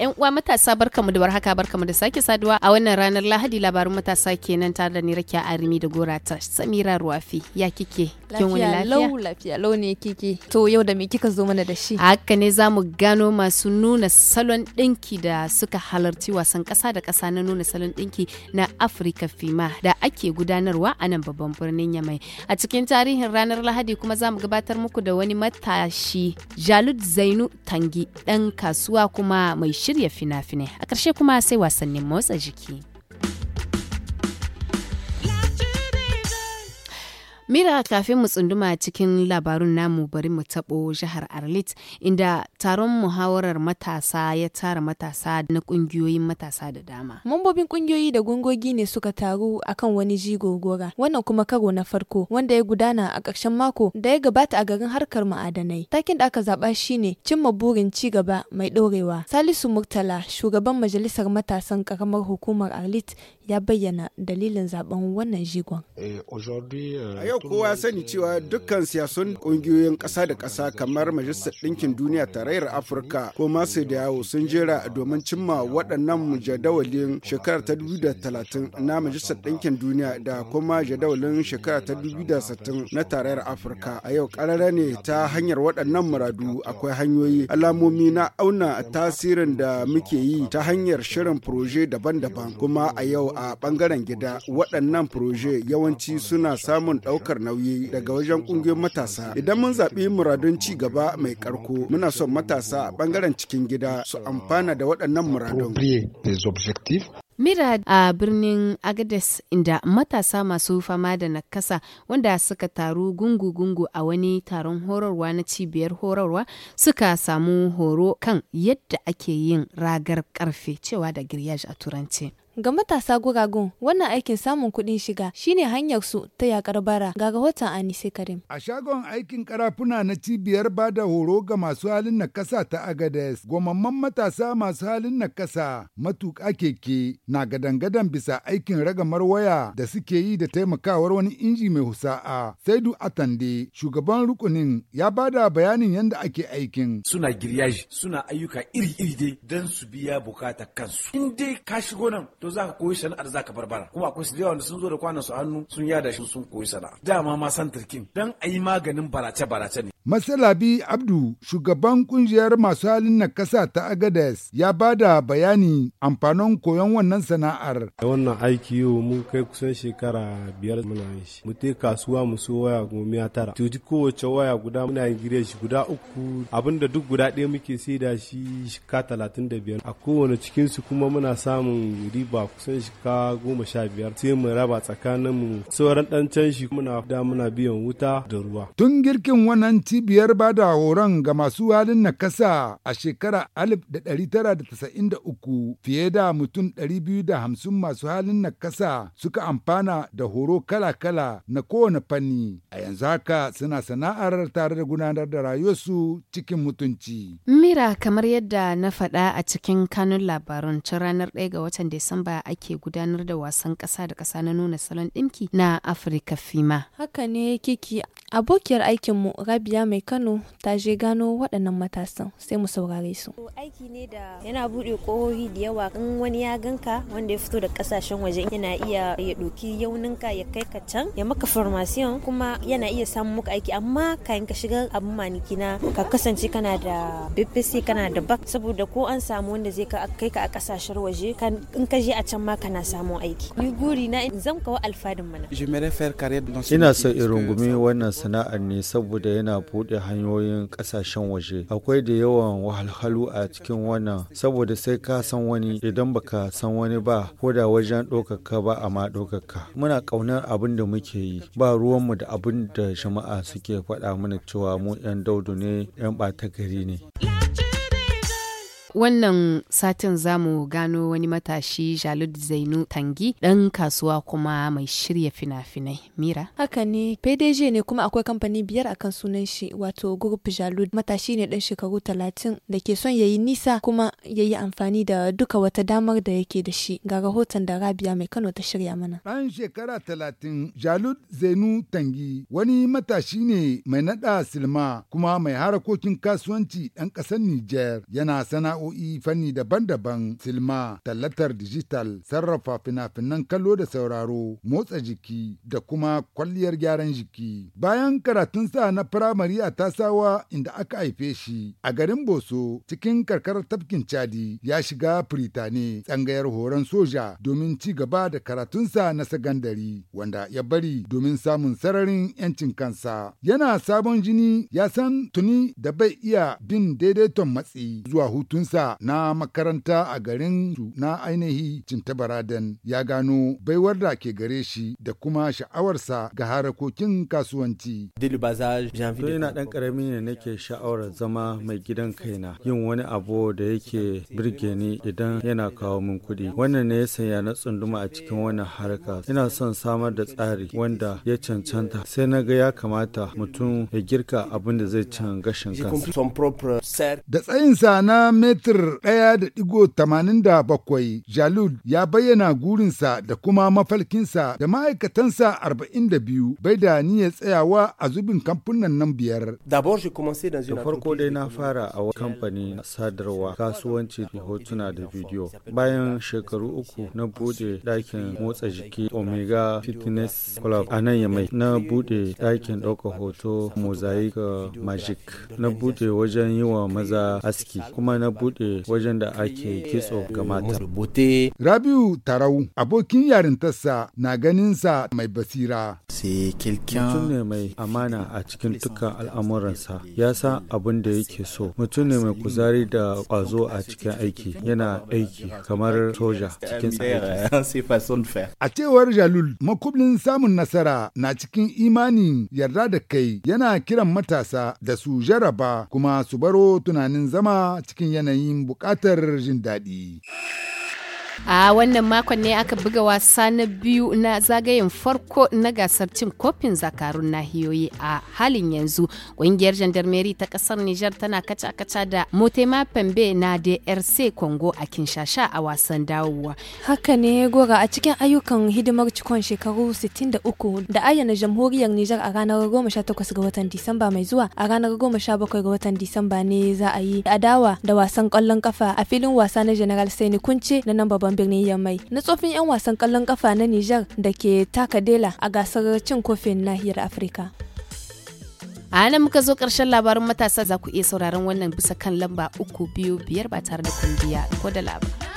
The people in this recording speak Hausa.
'yan uwa matasa barkamu da warhaka barkamu da sake saduwa a wannan ranar Lahadi labarin matasa kenan tare da ni Rakiya Arimi da Gora ta Samira Ruwafi ya kike kin wani lafiya lau lafiya lau ne kike to yau da me kika zo mana da shi haka ne zamu gano masu nuna salon dinki da suka halarci wasan kasa da kasa na nuna salon dinki na Africa Fima da ake gudanarwa a nan babban birnin Yamai a cikin tarihin ranar Lahadi kuma zamu gabatar muku da wani matashi Jalud Zainu Tangi dan kasuwa kuma mai shirya fina-finai a ƙarshe kuma sai wasannin motsa jiki. Mira kafin mu tsunduma cikin labarun namu bari mu taɓo jihar Arlit inda taron muhawarar matasa ya tara matasa na ƙungiyoyin matasa da dama. Mambobin ƙungiyoyi da gungogi ne suka taru akan wani jigo gora wannan kuma karo na farko wanda ya gudana a ƙarshen mako da ya gabata a garin harkar ma'adanai. Takin da aka zaɓa shine cimma burin ci gaba mai ɗorewa. Salisu Murtala shugaban majalisar matasan ƙaramar hukumar Arlit ya bayyana dalilin zaben wannan jigon. Eh, yau kowa sani cewa dukkan siyasun kungiyoyin kasa da kasa kamar majalisar ɗinkin duniya tarayyar afirka ko masu da yawo sun jera domin cimma waɗannan jadawalin shekarar ta 2030 na majalisar ɗinkin duniya da kuma jadawalin shekara ta 2060 na tarayyar afirka a yau ƙarara ne ta hanyar waɗannan muradu akwai hanyoyi alamomi na auna tasirin da muke yi ta hanyar shirin proje daban-daban kuma a yau a ɓangaren gida waɗannan proje yawanci suna samun ɗaukar ɗaukar nauyi daga wajen ƙungiyoyin matasa. Idan mun zaɓi muradun ci gaba mai ƙarko, muna son matasa a ɓangaren cikin gida su amfana da waɗannan muradun. Mira a birnin Agades inda matasa masu fama da nakasa wanda suka taru gungu-gungu a wani taron horarwa na cibiyar horarwa suka samu horo kan yadda ake yin ragar karfe cewa da giryaj a turanci. Ga matasa guragun wannan aikin samun kuɗin shiga shine hanyar su ta yakar bara ga rahoton Anise Karim. A shagon aikin karafuna na cibiyar bada horo ga masu halin na nakasa ta Agades, gwamamman matasa masu halin na nakasa matuƙa keke na gadangadan bisa aikin ragamar waya da suke yi da taimakawar wani inji mai husa'a. Saidu Atande, shugaban rukunin ya bada bayanin yadda ake aikin. Suna giryaji, suna ayyuka iri-iri dai don su biya bukata kansu. In dai ka shigo nan to za ka koyi sana'ar za ka barbara kuma akwai su da yawa sun zo da kwanan su hannu sun yada shi sun koyi sana'a dama ma san turkin dan ayi maganin barace barace ne bi Abdu, shugaban kungiyar masu halin na kasa ta Agades, ya ba da bayani amfanin koyon wannan sana'ar. Wannan aiki yau mun kai kusan shekara biyar muna yin shi. Mutai kasuwa mu so waya goma tara. Tuji kowace waya guda muna yin gire shi guda uku abinda duk guda ɗaya muke da shi shika talatin da biyar. A kowane cikinsu kuma muna samun riba ba kusan shika goma sha biyar sai mu raba tsakanin mu sauran dan can shi muna da muna biyan wuta da ruwa. Tun girkin wannan cibiyar ba da horon ga masu halin kasa a shekara 1993 fiye da mutum da 250 masu halin kasa suka amfana da horo kala-kala na kowane fanni a yanzu haka suna sana'ar tare da gudanar da rayuwarsu cikin mutunci. Mira kamar yadda na faɗa a cikin kanun labarun ranar 1 ga watan Disamba Disamba ake gudanar da wasan kasa da kasa na nuna salon ɗinki na Afirka Fima. Haka ne kiki abokiyar aikinmu Rabia Mai Kano ta je gano waɗannan matasan sai mu saurare su. Aiki ne da yana buɗe ƙohohi da yawa in wani ya ganka wanda ya fito da ƙasashen waje yana iya ya ɗoki yauninka ya kai ka can ya maka farmasiyon kuma yana iya samun muka aiki amma kayan ka shiga abin maniki na ka kasance kana da BBC kana da bak saboda ko an samu wanda zai kai ka a kasashen waje in ka je a can ma kana samun aiki ni guri na zan kawo alfadin mana ina son in rungumi wannan sana'ar ne saboda yana buɗe hanyoyin kasashen waje akwai da yawan wahalhalu a cikin wannan saboda sai ka san wani idan baka san wani ba ko da wajen ɗaukaka ba a ma ɗaukaka muna ƙaunar abin da muke yi ba ruwanmu da abin da jama'a suke faɗa mana cewa mu 'yan daudu ne 'yan ɓata gari ne. wannan satin zamu gano wani matashi Jalud Zainu Tangi dan kasuwa kuma mai shirya fina-finai. Mira? Haka ne, PDG ne kuma akwai kamfani biyar akan sunan shi wato Group Jalud matashi ne ɗan shekaru talatin da ke son yayi nisa kuma yayi amfani da duka wata damar da yake da shi. Ga rahoton da Rabia mai Kano ta shirya mana. Ɗan shekara talatin Jalud Zainu Tangi wani matashi ne mai naɗa silma kuma mai harakokin kasuwanci ɗan ƙasar Nijar yana sana'o sana'o'i fanni daban-daban silma tallatar dijital sarrafa fina-finan kallo da sauraro motsa jiki da kuma kwalliyar gyaran jiki bayan karatun sa na firamare a tasawa inda aka haife shi a garin boso cikin karkar tafkin chadi ya shiga firitane tsangayar horon soja domin ci gaba da karatunsa na sagandari wanda ya bari domin samun sararin 'yancin kansa yana sabon jini ya san tuni da bai iya bin daidaiton matsi zuwa hutun sa na makaranta a garin su na ainihi Cintabaradan ya gano baiwar da ke gare shi da kuma sha'awarsa ga harakokin kasuwanci. Tun ina ɗan ƙarami ne nake sha'awar zama mai gidan kaina yin wani abu da yake birge ni idan yana kawo min kuɗi. Wannan ne ya sanya na tsunduma a cikin wannan harka. Ina son samar da tsari wanda ya cancanta sai na ga ya kamata mutum ya girka abin da zai can gashin kansa. Da tsayinsa na mitar ɗaya da ɗigo tamanin da bakwai jalud ya bayyana gurinsa da kuma mafalkinsa da ma'aikatansa arba'in da biyu bai da niyyar tsayawa a zubin kamfunan nan biyar. Da farko dai na fara a wani kamfani sadarwa kasuwanci da hotuna da bidiyo bayan shekaru uku na bude ɗakin motsa jiki omega fitness club a nan yamai na bude ɗakin ɗaukar hoto mosaic magic na bude wajen yi wa maza aski kuma na bude. buɗe wajen da ake kitso ga mata. Rabiu Tarau abokin yarintarsa na ganin sa mai basira. Mutum ne mai amana a cikin dukkan al'amuransa ya sa abin da yake so. Mutum ne mai kuzari da ƙwazo a cikin aiki yana aiki kamar soja cikin A cewar Jalul makublin samun nasara na cikin imanin yarda da kai yana kiran matasa da su jaraba kuma su baro tunanin zama cikin yanayi. yanayin buƙatar jin daɗi. A wannan makon ne aka buga wasa na biyu na zagayen farko na gasar cin kofin zakarun nahiyoyi a halin yanzu. Ƙungiyar jandarmeri ta kasar Nijar tana kaca-kaca da Motema Pembe na DRC Congo a Kinshasa a wasan dawowa. Haka ne gora a cikin ayyukan hidimar cikon shekaru 63 da ayyana jamhuriyar Nijar a ranar 18 ga watan Disamba mai zuwa a ranar 17 ga watan Disamba ne za a yi adawa da wasan kwallon kafa a filin wasa na General Sani Kunce na nan babban birnin Yamai. Na tsofin 'yan wasan kallon kafa na Nijar da ke taka dela a gasar cin kofin nahiyar Afirka. A nan muka zo ƙarshen labarin matasa za ku iya sauraron wannan bisa kan lamba uku biyu biyar ba tare da kungiya ko da labar.